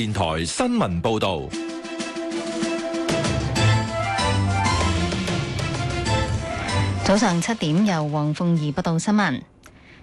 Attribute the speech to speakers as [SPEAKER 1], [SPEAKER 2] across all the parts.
[SPEAKER 1] 電台新聞報道：
[SPEAKER 2] 早上七點，由黃鳳儀報道新聞，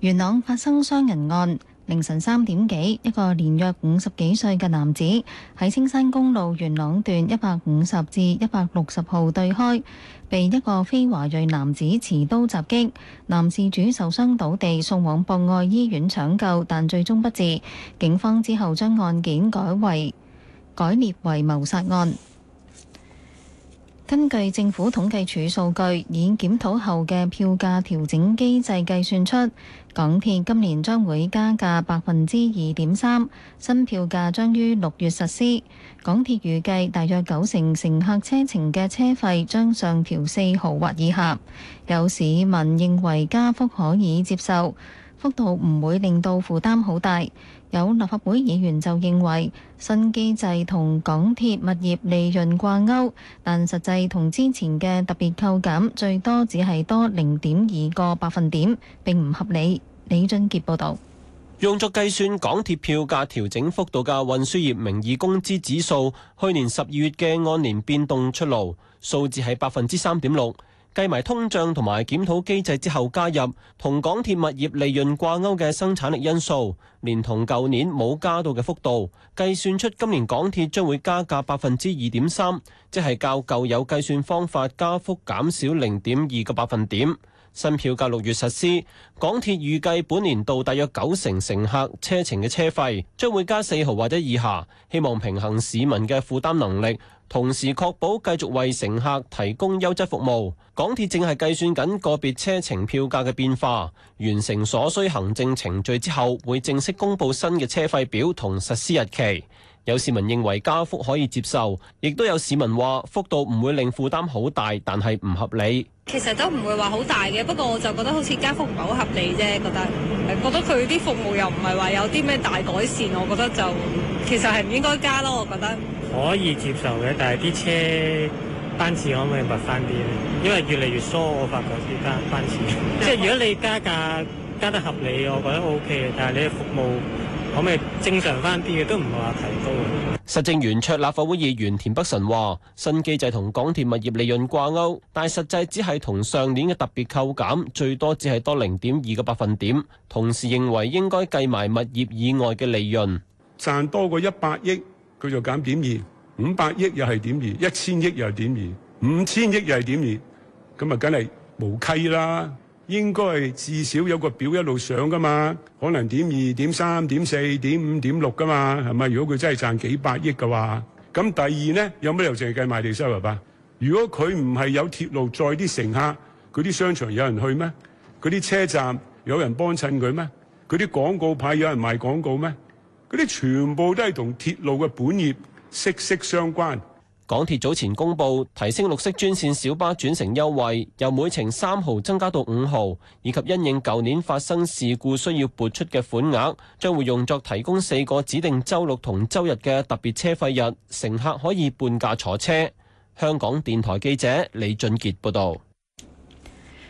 [SPEAKER 2] 元朗發生傷人案。凌晨三點幾，一個年約五十幾歲嘅男子喺青山公路元朗段一百五十至一百六十號對開，被一個非華裔男子持刀襲擊，男事主受傷倒地，送往博愛醫院搶救，但最終不治。警方之後將案件改為，改列為謀殺案。根據政府統計處數據，以檢討後嘅票價調整機制計算出，港鐵今年將會加價百分之二點三，新票價將於六月實施。港鐵預計大約九成乘客車程嘅車費將上調四毫或以下。有市民認為加幅可以接受，幅度唔會令到負擔好大。有立法會議員就認為新機制同港鐵物業利潤掛鈎，但實際同之前嘅特別扣減最多只係多零點二個百分點，並唔合理。李俊傑報導，
[SPEAKER 1] 用作計算港鐵票價調整幅度嘅運輸業名義工資指數，去年十二月嘅按年變動出爐，數字係百分之三點六。計埋通脹同埋檢討機制之後加入同港鐵物業利潤掛鉤嘅生產力因素，連同舊年冇加到嘅幅度，計算出今年港鐵將會加價百分之二點三，即係較舊有計算方法加幅減少零點二個百分點。新票價六月實施，港鐵預計本年度大約九成乘客車程嘅車費將會加四毫或者以下，希望平衡市民嘅負擔能力，同時確保繼續為乘客提供優質服務。港鐵正係計算緊個別車程票價嘅變化，完成所需行政程序之後，會正式公布新嘅車費表同實施日期。有市民認為加幅可以接受，亦都有市民話幅度唔會令負擔好大，但係唔合理。
[SPEAKER 3] 其實都唔會話好大嘅，不過我就覺得好似加幅唔係好合理啫，覺得覺得佢啲服務又唔係話有啲咩大改善，我覺得就其實係唔應該加咯，我覺得
[SPEAKER 1] 可以接受嘅，但係啲車班次可唔可以密翻啲咧？因為越嚟越疏，我發覺啲班班次。即 係 如果你加價加得合理，我覺得 OK，但係你嘅服務。可咪正常翻啲嘅，都唔話提高。實政圓桌立法會議員田北辰話：新機制同港鐵物業利潤掛鈎，但實際只係同上年嘅特別扣減最多只係多零點二個百分點。同時認為應該計埋物業以外嘅利潤，賺多過一百億，佢就減點二，五百億又係點二，一千億又係點二，五千億又係點二，咁啊梗係無稽啦。應該至少有個表一路上㗎嘛，可能點二點三點四點五點六㗎嘛，係咪？如果佢真係賺幾百億嘅話，咁第二呢，有乜理由淨係計賣地收入啊？如果佢唔係有鐵路載啲乘客，嗰啲商場有人去咩？嗰啲車站有人幫襯佢咩？嗰啲廣告牌有人賣廣告咩？嗰啲全部都係同鐵路嘅本業息息相關。港鐵早前公布提升綠色專線小巴轉乘優惠，由每程三毫增加到五毫，以及因應舊年發生事故需要撥出嘅款額，將會用作提供四個指定周六同周日嘅特別車費日，乘客可以半價坐車。香港電台記者李俊傑報導。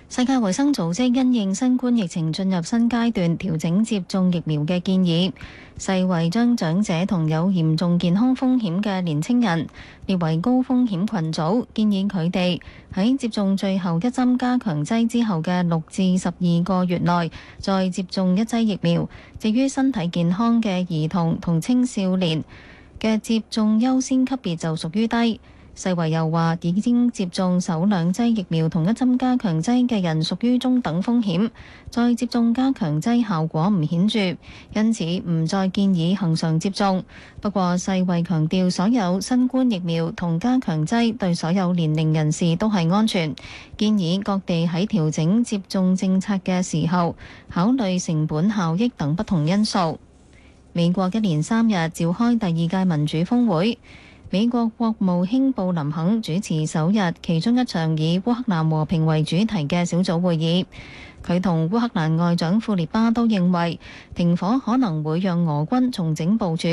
[SPEAKER 2] 世界衛生組織因應新冠疫情進入新階段，調整接種疫苗嘅建議，世衛將長者同有嚴重健康風險嘅年青人列為高風險群組，建議佢哋喺接種最後一針加強劑之後嘅六至十二個月內，再接種一劑疫苗。至於身體健康嘅兒童同青少年嘅接種優先級別就屬於低。世衛又話，已經接種首兩劑疫苗同一針加強劑嘅人屬於中等風險，再接種加強劑效果唔顯著，因此唔再建議恒常接種。不過，世衛強調所有新冠疫苗同加強劑對所有年齡人士都係安全，建議各地喺調整接種政策嘅時候考慮成本效益等不同因素。美國一連三日召開第二屆民主峰會。美國國務卿布林肯主持首日其中一場以烏克蘭和平為主題嘅小組會議，佢同烏克蘭外長庫列巴都認為停火可能會讓俄軍重整部署，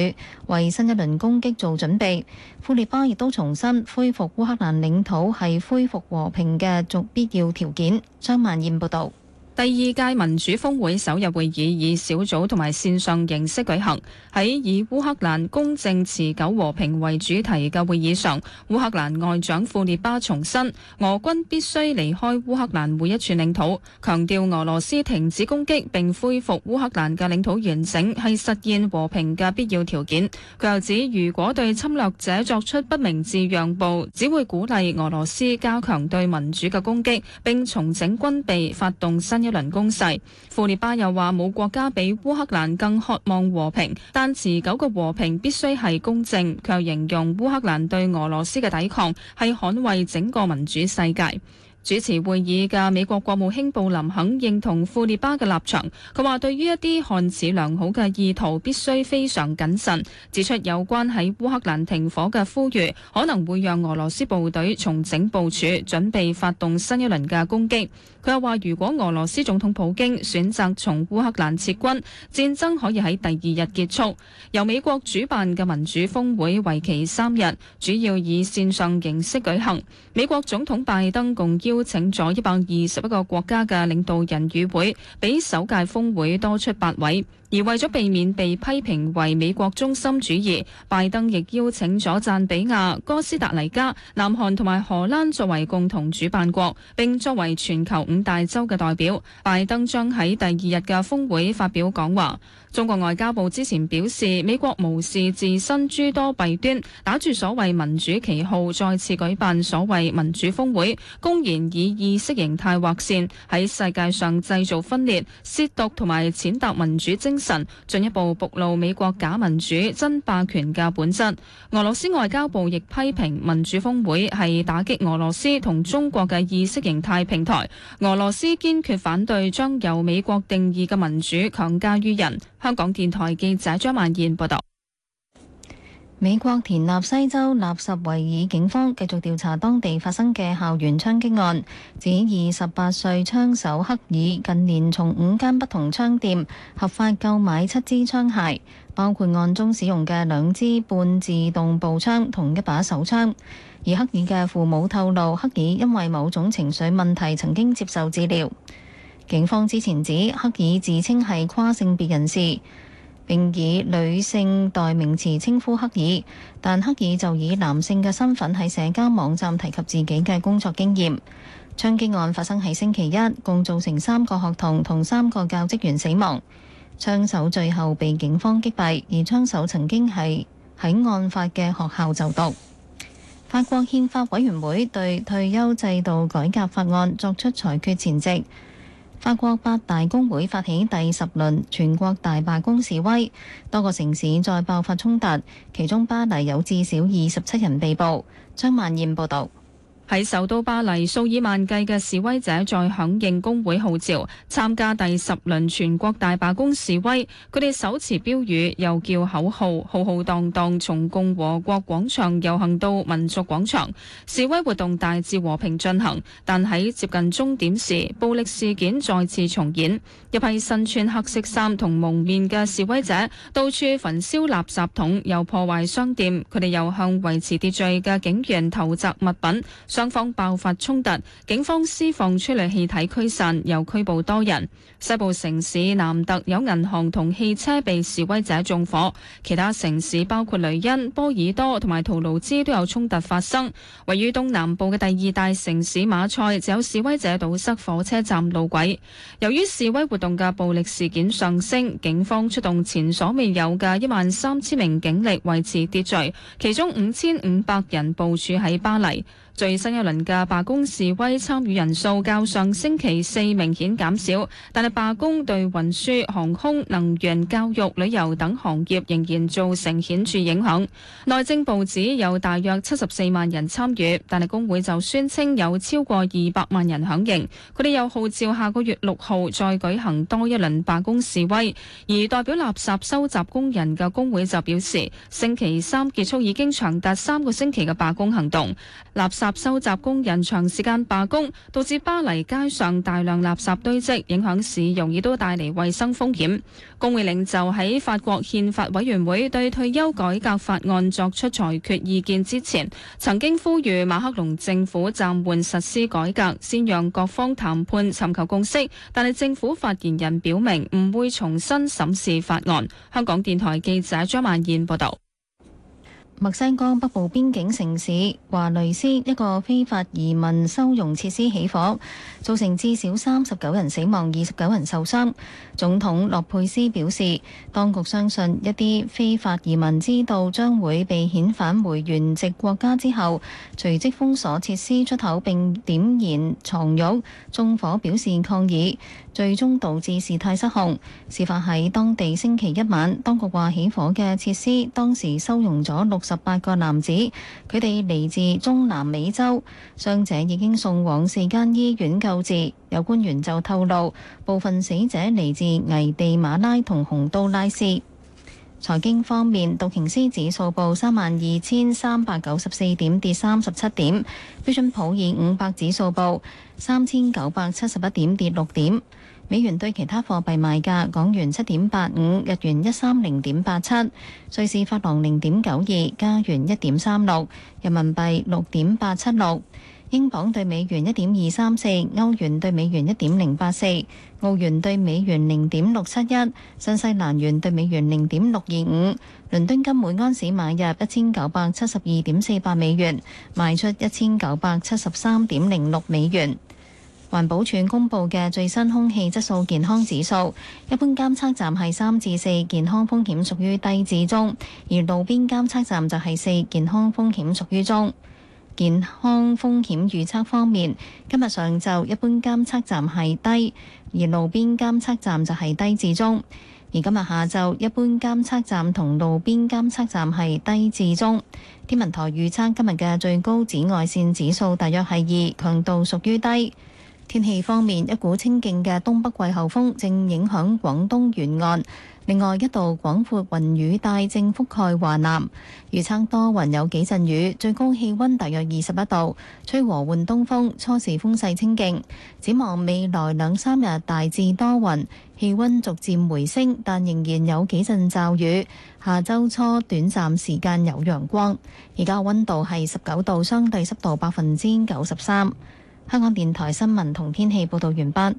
[SPEAKER 2] 為新一輪攻擊做準備。庫列巴亦都重申，恢復烏克蘭領土係恢復和平嘅足必要條件。張曼燕報導。
[SPEAKER 3] 第二屆民主峰會首日會議以小組同埋綫上形式舉行。喺以烏克蘭公正持久和平為主題嘅會議上，烏克蘭外長庫列巴重申俄軍必須離開烏克蘭每一寸領土，強調俄羅斯停止攻擊並恢復烏克蘭嘅領土完整係實現和平嘅必要條件。佢又指，如果對侵略者作出不明智讓步，只會鼓勵俄羅斯加強對民主嘅攻擊，並重整軍備發動新。一輪攻勢，庫列巴又話冇國家比烏克蘭更渴望和平，但持久嘅和平必須係公正。佢形容烏克蘭對俄羅斯嘅抵抗係捍衛整個民主世界。主持會議嘅美國國務卿布林肯認同庫列巴嘅立場，佢話對於一啲看似良好嘅意圖必須非常謹慎，指出有關喺烏克蘭停火嘅呼籲可能會讓俄羅斯部隊重整部署，準備發動新一輪嘅攻擊。佢又話，如果俄羅斯總統普京選擇從烏克蘭撤軍，戰爭可以喺第二日結束。由美國主辦嘅民主峰會為期三日，主要以線上形式舉行。美國總統拜登共邀邀請咗一百二十一個國家嘅領導人與會，比首屆峰會多出八位。而為咗避免被批評為美國中心主義，拜登亦邀請咗贊比亞、哥斯達黎加、南韓同埋荷蘭作為共同主辦國，並作為全球五大洲嘅代表。拜登將喺第二日嘅峰會發表講話。中國外交部之前表示，美國無視自身諸多弊端，打住所謂民主旗號，再次舉辦所謂民主峰會，公然以意識形態劃線喺世界上製造分裂、褻瀆同埋踐踏民主精神。進一步暴露美國假民主真霸權嘅本質。俄羅斯外交部亦批評民主峰會係打擊俄羅斯同中國嘅意識形態平台。俄羅斯堅決反對將由美國定義嘅民主強加於人。香港電台記者張萬燕報道。
[SPEAKER 2] 美國田納西州納什維爾警方繼續調查當地發生嘅校園槍擊案，指二十八歲槍手克爾近年從五間不同槍店合法購買七支槍械，包括案中使用嘅兩支半自動步槍同一把手槍。而克爾嘅父母透露，克爾因為某種情緒問題曾經接受治療。警方之前指，克爾自稱係跨性別人士。並以女性代名詞稱呼克爾，但克爾就以男性嘅身份喺社交網站提及自己嘅工作經驗。槍擊案發生喺星期一，共造成三個學童同三個教職員死亡。槍手最後被警方擊斃，而槍手曾經係喺案發嘅學校就讀。法國憲法委員會對退休制度改革法案作出裁決前夕。法國八大工會發起第十輪全國大罷工示威，多個城市再爆發衝突，其中巴黎有至少二十七人被捕。張萬燕報導。喺首都巴黎，數
[SPEAKER 3] 以萬計嘅示威者在響應工會號召，參加第十輪全國大罷工示威。佢哋手持標語，又叫口號，浩浩蕩蕩從共和國廣場遊行到民族廣場。示威活動大致和平進行，但喺接近終點時，暴力事件再次重演。一批身穿黑色衫同蒙面嘅示威者，到處焚燒垃圾桶，又破壞商店。佢哋又向維持秩序嘅警員投擲物品。雙方爆發衝突，警方施放催淚氣體驅散，又拘捕多人。西部城市南特有銀行同汽車被示威者縱火，其他城市包括雷恩、波爾多同埋圖盧茲都有衝突發生。位於東南部嘅第二大城市馬賽，就有示威者堵塞火車站路軌。由於示威活動嘅暴力事件上升，警方出動前所未有嘅一萬三千名警力維持秩序，其中五千五百人部署喺巴黎。最新一輪嘅罷工示威參與人數較上星期四明顯減少，但係罷工對運輸、航空、能源、教育、旅遊等行業仍然造成顯著影響。內政部指有大約七十四萬人參與，但係工會就宣稱有超過二百萬人響應。佢哋又號召下個月六號再舉行多一輪罷工示威，而代表垃圾收集工人嘅工會就表示，星期三結束已經長達三個星期嘅罷工行動，垃圾垃圾收集工人長時間罷工，導致巴黎街上大量垃圾堆積，影響市容，亦都帶嚟衛生風險。工會領袖就喺法國憲法委員會對退休改革法案作出裁決意見之前，曾經呼籲馬克龍政府暫緩實施改革，先讓各方談判尋求共識。但係政府發言人表明唔會重新審視法案。香港電台記者張曼燕報道。
[SPEAKER 2] 墨西哥北部邊境城市華雷斯一個非法移民收容設施起火，造成至少三十九人死亡、二十九人受傷。總統洛佩斯表示，當局相信一啲非法移民知道將會被遣返回原籍國家之後，隨即封鎖設施出口，並點燃床褥縱火表示抗議，最終導致事態失控。事發喺當地星期一晚，當局話起火嘅設施當時收容咗六十八個男子，佢哋嚟自中南美洲，傷者已經送往四間醫院救治。有官員就透露，部分死者嚟自危地馬拉同洪都拉斯。財經方面，道瓊斯指數報三萬二千三百九十四點，跌三十七點；標準普爾五百指數報三千九百七十一點，跌六點。美元對其他貨幣賣價：港元七點八五，日元一三零點八七，瑞士法郎零點九二，加元一點三六，人民幣六點八七六，英鎊對美元一點二三四，歐元對美元一點零八四，澳元對美元零點六七一，新西蘭元對美元零點六二五。倫敦金每安士買入一千九百七十二點四八美元，賣出一千九百七十三點零六美元。環保署公布嘅最新空氣質素健康指數，一般監測站係三至四，健康風險屬於低至中；而路邊監測站就係四，健康風險屬於中。健康風險預測方面，今日上晝一般監測站係低，而路邊監測站就係低至中；而今日下晝一般監測站同路邊監測站係低至中。天文台預測今日嘅最高紫外線指數大約係二，強度屬於低。天氣方面，一股清勁嘅東北季候風正影響廣東沿岸，另外一道廣闊雲雨帶正覆蓋華南。預測多雲有幾陣雨，最高氣温大約二十一度，吹和緩東風，初時風勢清勁。展望未來兩三日大致多雲，氣温逐漸回升，但仍然有幾陣驟雨。下周初短暫時間有陽光。而家温度係十九度，相對濕度百分之九十三。香港電台新聞同天氣報道完畢。